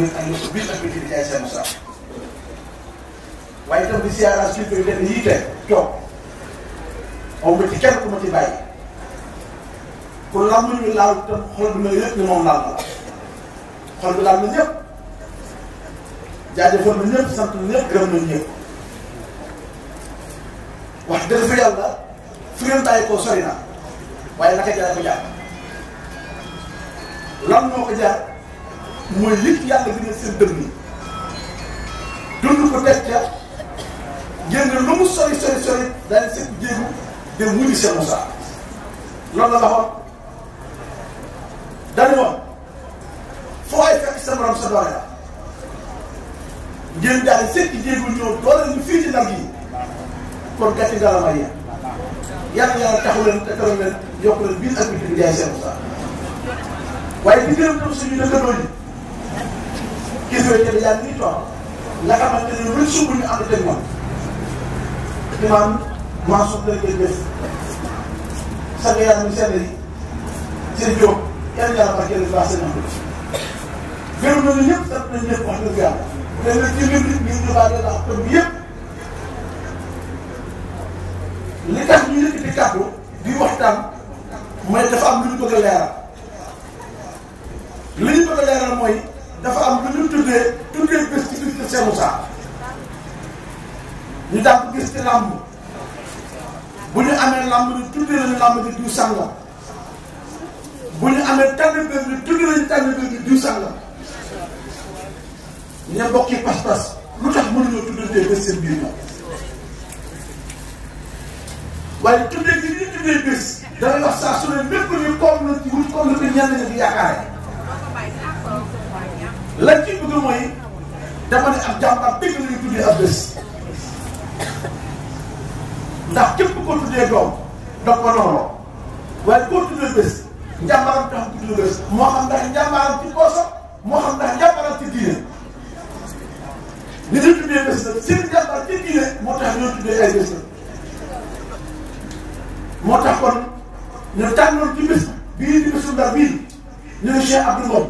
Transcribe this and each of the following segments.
ay seen sax waaye itam di siyaara kilifa yu mel ni yii tey toog moom ba ci kenn ku ma ci bàyyi ku lamb ñu laal itam xol bi na yëpp ni moom laal na xol laal na ñëpp jaajëfal na ñëpp sant na ñëpp gërëm na ñëpp wax dëgg fa yàlla fi ngeen bàyyi ko na waaye naka jaay ko jaar lan moo ko jaar. mooy lépp yàlla gën a seen dënn dund ko teg ca génn lu mu sori sori sori daal seen jéegu de wuti seen Moussa loolu la waxoon dañu wax foo ay fekk sa borom sa doole la ngeen daal seen jéegu ñëw doole ñu fii ci ndam yi kon gàcce gàllamay ya yàlla yàlla taxu leen taxaw leen biir ak biir jaay seen Moussa waaye di gërëm tam suñu dëkkandoo yi gis nga jënd yaa ngi toog nga xamante ne lu sumb ñu ànd teg moom imaam Mansour la ngeen def sa nga yaram seen yi seen jóg kenn yàlla ba kenn baax seen amul gërëm nañu ñëpp sant nañu ñëpp wax dëgg yàlla te nag ci mbir mi ñu baal la tax tëb yëpp li tax ñu nekk di kàddu di waxtaan mooy dafa am lu ñu bëgg a leeral li ñu bëgg a leeral mooy dafa am lu ñu tuddee tuddee bés ci biir Cheikh Moussa ñu daan ko gis ci làmb bu ñu amee làmb ni tuddee lañu làmb ni diw sàngam bu ñu amee tànn bés ni tuddee lañu tànn bés ni diw sàngam ña mbokki pas-pas lu tax mënuñoo tuddantee bés seen biir ñoom waaye tuddee gi ñu tuddee bés dana wax saa su ne lépp ñu koom la wut koom la ko ñenn ñi di yaakaare bëgg mooy dama ne ab jàmbaar dëgg la ñuy tuddee ab bés ndax képp ko tuddee doom da ko nooloo waaye koo tuddee bés njàmbaaram tax tuddee bés moo xam ndax njàmbaaram ci koosa moo xam ndax njàmbaaram ci diine li ñu tuddee bés nag seen njàmbaar ci diine moo tax ñoo tuddee ay bés nag moo tax kon ñu tànnoon ci bés bii di bésu ndar bii ñu ne Cheikh Abdou Ngom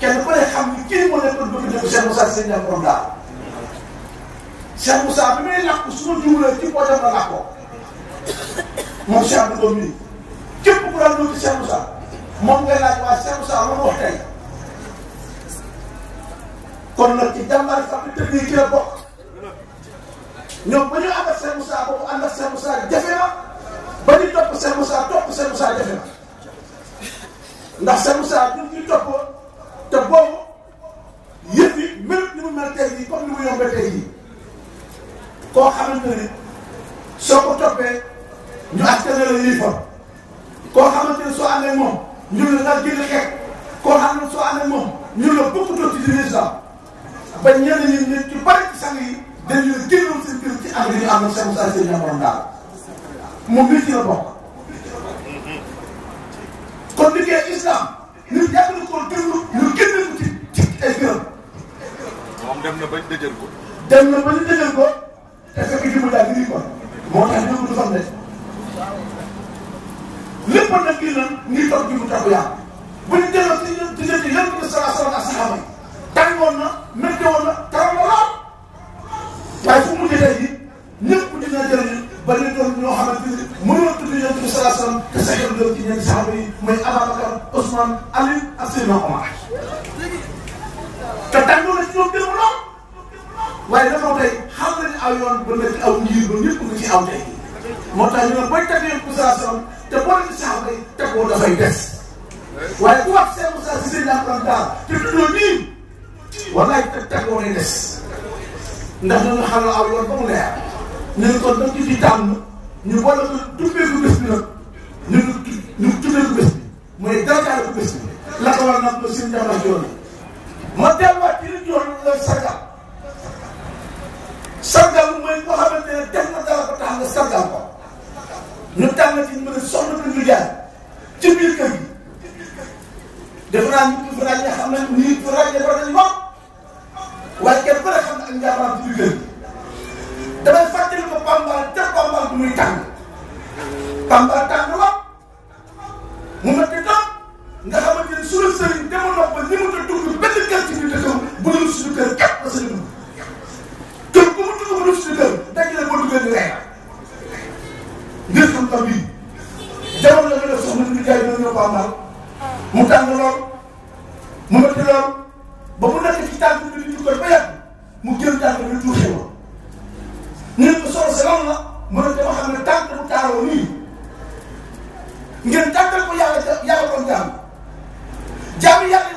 kenn ku ne xam ni kii moo nekkoon bëgg dem Cheikh si sëñ Ndiaye borom daal Cheikh Moussa bi may làkk su ma la làkkoo moom Cheikh Abdou Ngom nii ku daan ñëw ci Cheikh Moussa moom waa Cheikh Moussa lu mu wax tey kon nag ci jàmbaar sax bi tëdd yi ci la bokk ñoom ba ñu ànd ak Cheikh Moussa boobu ànd ak Cheikh na ba ñu topp Cheikh na ndax Cheikh Moussa te boobu yëf yi mérite ni mu mel tey yi comme ni mu yombee tey yi koo xamante ne soo ko toppee ñu askan la lii fa koo xamante ne soo àndee moom ñu la daal gën a xeex koo xam ne soo àndee moom ñu la bëgg doon ci diine islam ba ñenn ñi nit ñu bari ci sang yi dañu la génnoon si kër ci ànd bi ñu àndoon seen message seen ñamoon daal moom nit ci la bokk kon liggéey islam nit yàgg na koo déglu dem na ba dëjël ko. dem na ba ñu dëjël ko te fekk li mu daal di ko moo tax ñëw du fan de lépp nag kii nag ñuy toog jiwu taxu yaa bu ñu delloo ci ñun ci ñun ci yëpp ñu sala sala ak saxaaba yi tàngoon na métti woon na taw na lool waaye fu mu mujjee tey jii ñëpp dina jëriñu ba li doon ñoo xamante ni mënoo tudd yonent bi sala sala te sa yoon ci ñeenti saxaaba yi mooy Ababacar Ousmane Ali ak Seydina Omar waaye dafa tey xam nañu aw yoon ba nga ci aw ngir ba ñëpp nga ci aw tey moo tax ñu ne booy teg leen cotisation te boo leen saafara teg ko dafay des waaye ku wax seen cotisation si seen yaakaar daal te tuddoo nii wallaay teg teg ko lay des ndax dañu xam ne aw yoon ba mu leer ñu ne kon dañ ci fi tànn ñu boole ko tuddee ko bés bi nag ñu ñu tuddee ko bés bi mooy darajaale ko bés bi la ko war nag ko seen jamono joon ma delluwaat ci li ñu yoon la sagal mooy koo xamante ne def na dara ba tax nga sargal ko ñu tànn ci ñu mën a soxla ñu jaar ci biir kër gi. defe naa ñu defe naa ñi nga xam ne nii pour rajo war nañu moom waaye kenn ku ne xam ne ak njàmbaar ci biir kër gi damay fàttali ko Pambal te Pambal bu muy tàng Pambal tàng la mu métti. jaamu yàlla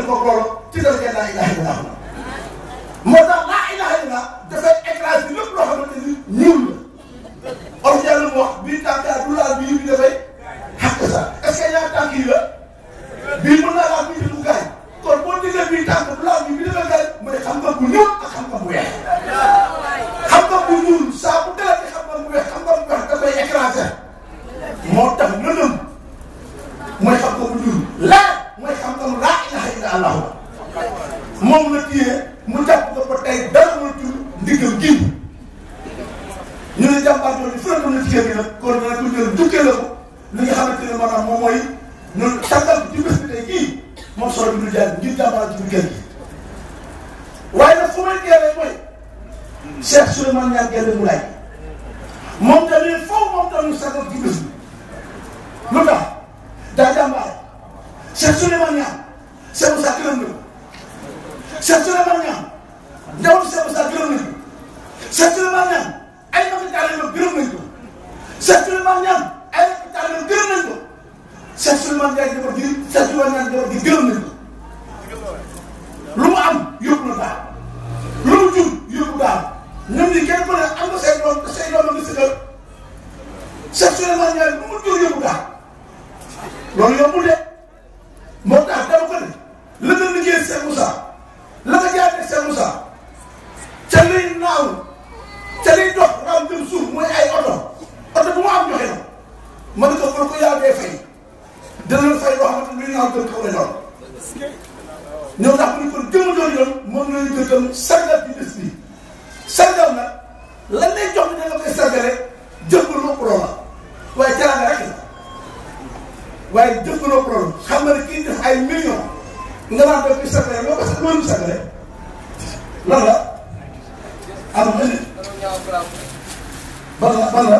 joxal ko borom ci la ngeen laa ilaha illallah moo tax laa ilaha illallah dafay écraser lépp loo xamante ni ñëw la. or yàlla mu wax bii tànkaay bu laal bii bi dafay. allahu moom la téye mu jàpp ko ba tey dara mu tur ndigal gii ñu ne jàmbaar jooju fële mu ne jigéen ñi nag kon nag ñu jël dukkee la ko li nga xamante ne maanaam moom mooy ñun tàggal bi bi tey kii moom solo bi ñu jaay ngir jàmbaar ci dukkee gi waaye nag fu may geeree mooy Cheikh Souleymane Niang Gaïndé Moulay moom tamit foofu moom tamit sàggal ci bés bi daa jàmbaar Cheikh Souleymane Niang Cheikh Moussa gërëm na ko Cheikh Souleymane Niang njabootu Cheikh Moussa gërëm nañ ko Cheikh Souleymane Niang ay mbokku taalibeem gërëm nañ ko Cheikh Souleymane Niang ay mbokku taalibeem gërëm nañ ko Cheikh Souleymane Niang njaboot gi Cheikh Souleymane Niang njaboot gi gërëm nañ ko lu mu am yóbbu na daal lu mu jur yóbbu daal ñoom ñi kenn ku ne am nga say doom say doom nga si kër Cheikh Souleymane Niang lu mu jur yóbbu daal loolu yombul de. waaye jëfandoo problème xam nga ne kii def ay millions nga naan doon di sacré loo ko sax mënul la. am na nit. ban la ban la.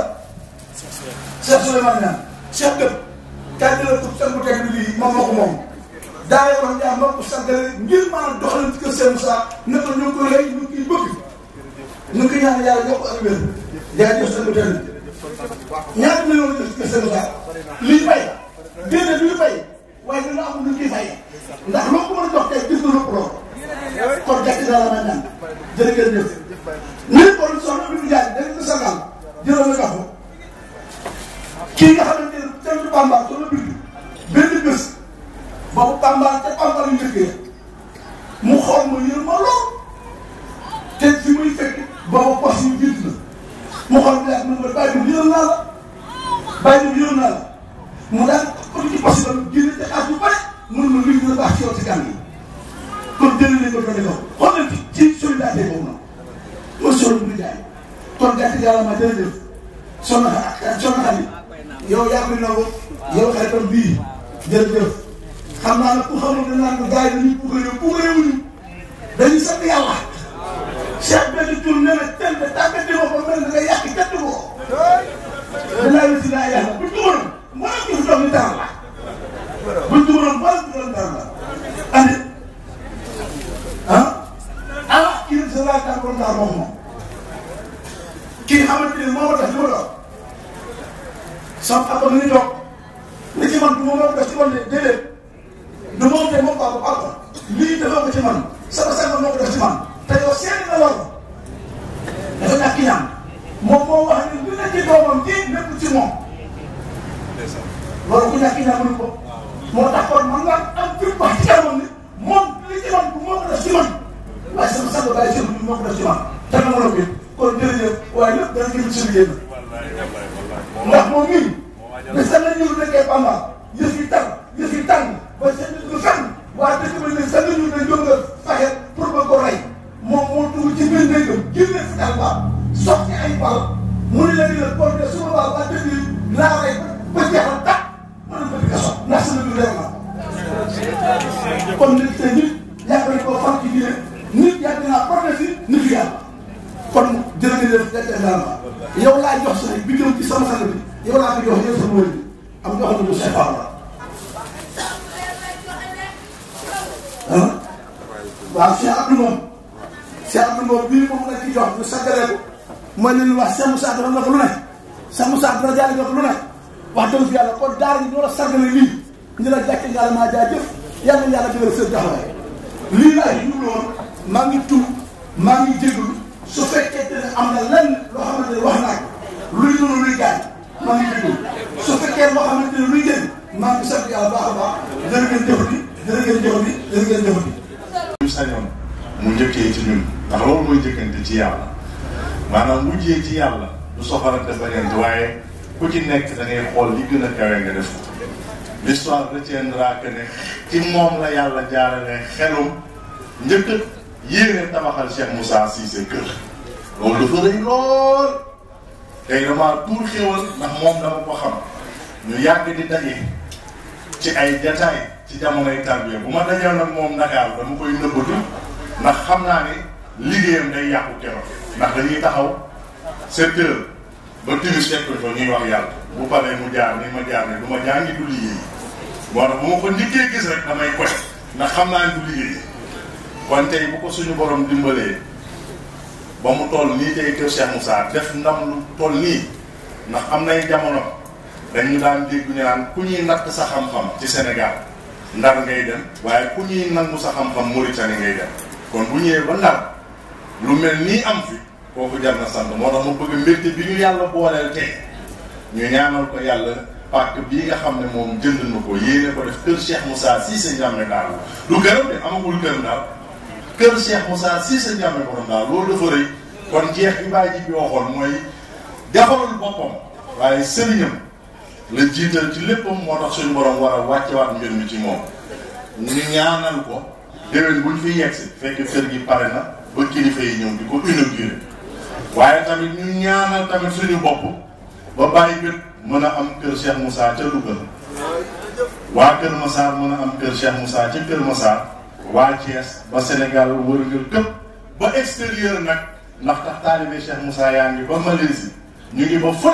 Cheikh Souleymane Niang Cheikh Deme. kàddu la pour seen bu teg lii moom moo ko moom. daay wax Ndiaye moo ko sàggale ngir maanaam doxalin ci kër Sëñ Moussa ne ko ñu ko rey ñu ngi koy bëgg. ñu ngi koy ñaan yàlla jox yaa jox seen bu teg lii. lii bay. déedéet du ñu fay waaye dina am lu ñu ndax loo ko jox tey gis nga lépp lool kon gàcce daal la may ñaan jërë ngeen jëf. nit jaay dañ ko sagal jëloon na gàffu kii nga xamante ne tey jii Bamba soxna bi benn bés boobu Bamba te Bamba yu njëkkee mu xool ma yër ma lool te fi muy fekk boobu pos yu jiitu na mu xool mu ah yaatu ma ne ma bàyyi ko yërëm naa la bàyyi mu daal. kon ñu mos la génne te xaas yu mun na luy gën baax ci yoon si gan yi kon jëlee nañ ko doon defar xool nañ ci solidarité boobu noonu mooy solo bu ñu jaay kon gàtt yàlla ma jërëjëf soxna soxna Aliou yow yaa ngi nangu yow xaritam bii jërëjëf naa ne ku xamul ne naan gars yi dañuy puukaree puukaree wuñu dañuy sant yàlla. Cheikh benn tur ne la tel de tàggat di ko ba mel ne da ngay yàq gàtt ko. dinaa naa yàlla. doomi dara la buñ dugaloon baax dugaloon dara la andi ah ah kii sa laaj daa borom dara moom moom kii xamante ne moo ma def li ma doon sama papa mi ngi toog li ci man du ma moom def ci man de déedéet du moom de moom papa papa lii defoo ko ci man sama sànq moo ko def ci man. Moussa Isa mënu ko moo tax kon man nga am fi wax ci jamono ni moom li ci man bu moo ko def ci man waaye sama sang bàyyi sëñ bi moo ko def ci man te na ma la ko kon jërëjëf waaye lépp dana jël suñu génn ndax moom mii bi sa la ñëw ah waaw Cheikh Abdou moom Cheikh Abdou moom bii moom la ci jox ñu sàggalee ko ñu wax Cheikh Moussa dafa nga ko lu ne Cheikh Moussa dina jàll nga ko lu ne wax dëgg yàlla kon daara ñu war a sàggale lii ñu la jàkkee nga maa jaajëf yàlla yàlla dëggal seen taxawaay lii laay ñu loon maa ngi tu maa ngi jégalu su fekkee ne am na lenn loo xamante ne wax naa ko luy doon luy gaañ maa ngi jégalu su fekkee loo xamante ne luy jënd a baax jërë ngeen dana gën jox bi dana gën jox bi. ñu sañoon mu njëkkee ci ñun ndax loolu mooy njëkkante ci yàlla maanaam mujjee ci yàlla du soxarante bañante waaye ku ci nekk da xool li gën a kawe nga def ko. l'histoire retiendra ne ci moom la yàlla jaarale xelum njëkk yéene tabaxal Cheikh Moussa Cissé kër loolu dafa rëy lool tey dama tuur xéwal ndax moom dama ko xam ñu yàgg di daje ci ay jataay ci jamonoy tarbiya bu ma dajeel nag moom Ndakaar dama koy nëbbatu ndax xam naa ni liggéeyam day yàqu keroog ndax dañuy taxaw sept heures ba timis fekk ko ñuy wax yàlla bu paree mu jaar ni ma jaar ne du ma jàngi du liggéey moo tax bu ma ko njëkkee gis rek damay koy ndax xam naa ne du liggéey bu ko suñu borom dimbalee ba mu toll nii tey kër Cheikh def ndam lu toll nii ndax am nay jamono dañu daan dégg ñu naan ku ñuy natt sa xam-xam ci senegal ndar ngay dem waaye ku ñuy nangu sa xam-xam Mauritanie ngay dem kon bu ñëwee ba ndar lu mel nii am fi kooku jar na sant moo tax mu bëgg mbégte bi ñu yàlla booleel tey ñu ñaanal ko yàlla pàcc bii nga xam ne moom jënd na ko yéene ko def kër Cheikh Moussa Cissé Ndiamé daal lu gërëm de amagul kër daal kër Cheikh Moussa Cissé Ndiamé borom daal loolu dafa rëy kon jeex bi bàyyi ji bi waxoon mooy defarul boppam waaye sëriñam la jiital ci léppam moo tax suñu borom war a wàccewaat mbir mi ci moom ñu ñaanal ko déwén buñ fi yegg si fekk kër gi pare na ba kilifa yi ñëw di ko inauguré waaye tamit ñu ñaanal tamit suñu bopp ba bàyyi bët mën a am kër Cheikh Moussa ca Louga waa Kër Massar mën a am kër Cheikh Moussa ca Kër Massar waa Thiès ba Sénégal wërngël këpp ba extérieur nag ndax tax taalibe Cheikh Moussa yaa ngi ba Malaisie ñu ngi ba fu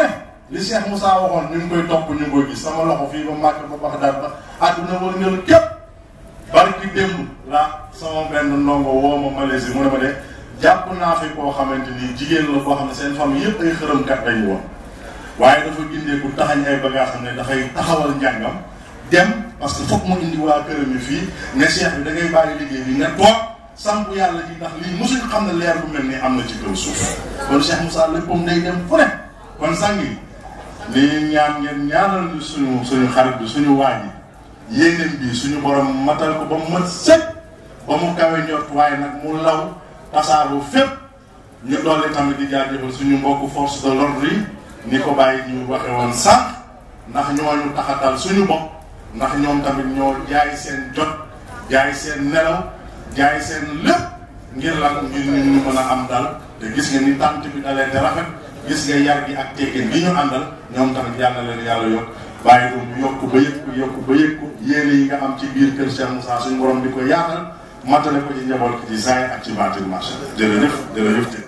li Cheikh Moussa waxoon ñu ngi koy topp ñu ngi koy gis sama loxo fii ba Màkka ba Baxdaad ba àdduna war ngeen képp bari ki démb la sama benn ndongo woo ma Malaisie mu naa fi koo xamante ni jigéen koo xam ne seen famille yëpp ay xërëmkat dañu woon waaye dafa gindeeku taxañ ay bagages xam ne dafay taxawal njàngam dem parce que foog mu indi waa këram yi fii ne Cheikh bi da ngay bàyyi liggéey bi nga toog samp yàlla ji tax lii mosuñ xam ne leer bu mel nii am na ci kaw suuf kon Cheikh Moussa léppam day dem fu ne kon sàngi li ñaan ngeen ñaanal ñu suñu suñu xarit bi suñu waaji yéenéen bi suñu borom matal ko ba mu mët sëpp ba mu kawe ñot waaye nag mu law tasaaru fépp ñu dolli tamit di jaajëfal suñu mbokk force de l'ordre yi ni ko bàyyi ñu waxe woon sànq ndax ñooñu taxatal suñu bopp ndax ñoom tamit ñoo jaay seen jot jaay seen nelaw jaay seen lépp ngir lan ngir ñu ko a am dal te gis nga ni tànt bi dalee rafet gis nga yar bi ak teggin bi ñu àndal ñoom tamit yàlla leen yàlla yokk bàyyi ko mu yokk ba yëg ko yokk ba yëg ko yéene yi nga am ci biir kër Cheikh Moussa suñu borom di ko yaatal matale ko ci njaboot ci saay ak ci baatin macha allah jërëjëf jërëjëf